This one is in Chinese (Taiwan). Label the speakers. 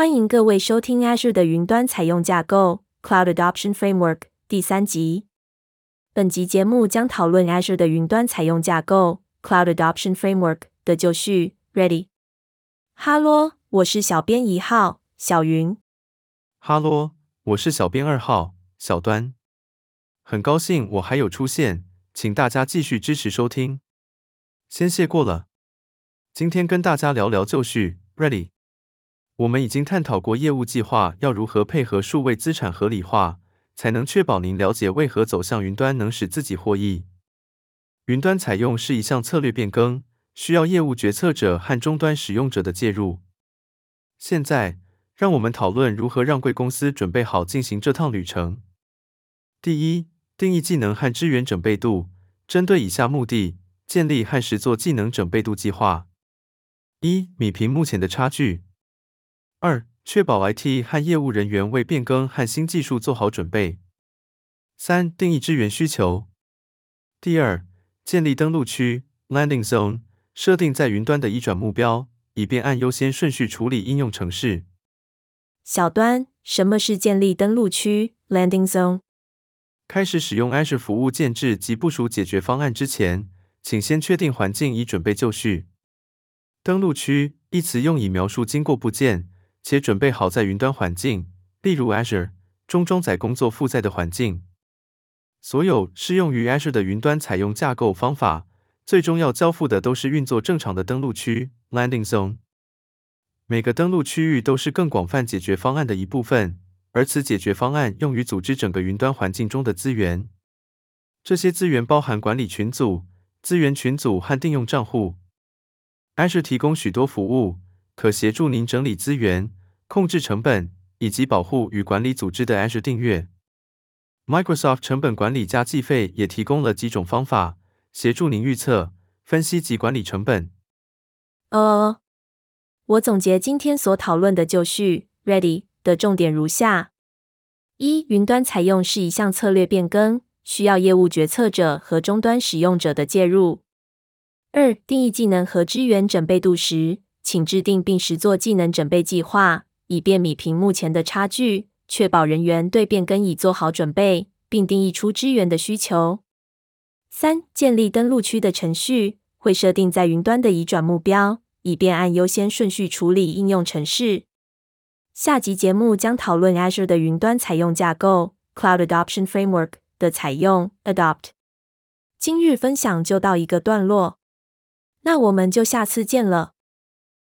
Speaker 1: 歡迎各位收聽 Azure 的雲端採用架構 Cloud Adoption Framework 第三集。本集節目將討論 Azure 的雲端採用架構 Cloud Adoption Framework 的就緒 Ready。哈嘍，我是小編一號小雲。哈嘍，
Speaker 2: 我是小編二號小端。很高興我還有出現，請大家繼續支持收聽，先謝過了。今天跟大家聊聊就緒 Ready。我們已經探討過業務計劃要如何配合數位資產合理化，才能確保您了解為何走向雲端能使自己獲益。雲端採用是一項策略變更，需要業務決策者和終端使用者的介入。現在，讓我們討論如何讓貴公司準備好進行這趟旅程。第一，定義技能和支援整備度，針對以下目的，建立和實做技能整備度計劃：一，弭平目前的差距。二、確保 IT 和業務人員為變更和新技術做好準備。三、定義支援需求。第二，建立登陸區 （landing zone），設定在雲端的移轉目標，以便按優先順序處理應用程序。
Speaker 1: 小端，什麼是建立登陸區 （landing zone）？
Speaker 2: 開始使用 Azure 服務建置及部署解決方案之前，請先確定環境已準備就緒。登陸區一詞用以描述經過部件。且準備好在雲端環境，例如 Azure 中裝載工作負載的環境。所有適用於 Azure 的雲端採用架構方法，最終要交付的都是運作正常的登錄區 （Landing Zone）。每個登錄區域都是更廣泛解決方案的一部分，而此解決方案用於組織整個雲端環境中的資源。這些資源包含管理群組、資源群組和訂用帳戶。Azure 提供許多服務。可協助您整理資源、控制成本以及保護與管理組織的 Azure 訂閱。Microsoft 成本管理加計費也提供了幾種方法，協助您預測、分析及管理成本。
Speaker 1: 哦，oh. 我總結今天所討論的就緒 （Ready） 的重點如下：一、雲端採用是一項策略變更，需要業務決策者和終端使用者的介入；二、定義技能和支援整備度時，請制定並實作技能準備計劃，以便弭平目前的差距，確保人員對變更已做好準備，並定義出支援的需求。三、建立登陸區的程序會設定在雲端的移轉目標，以便按優先順序處理應用程式。下集節目將討論 Azure 的雲端採用架構 （Cloud Adoption Framework） 的採用 （Adopt）。今日分享就到一個段落，那我們就下次見了。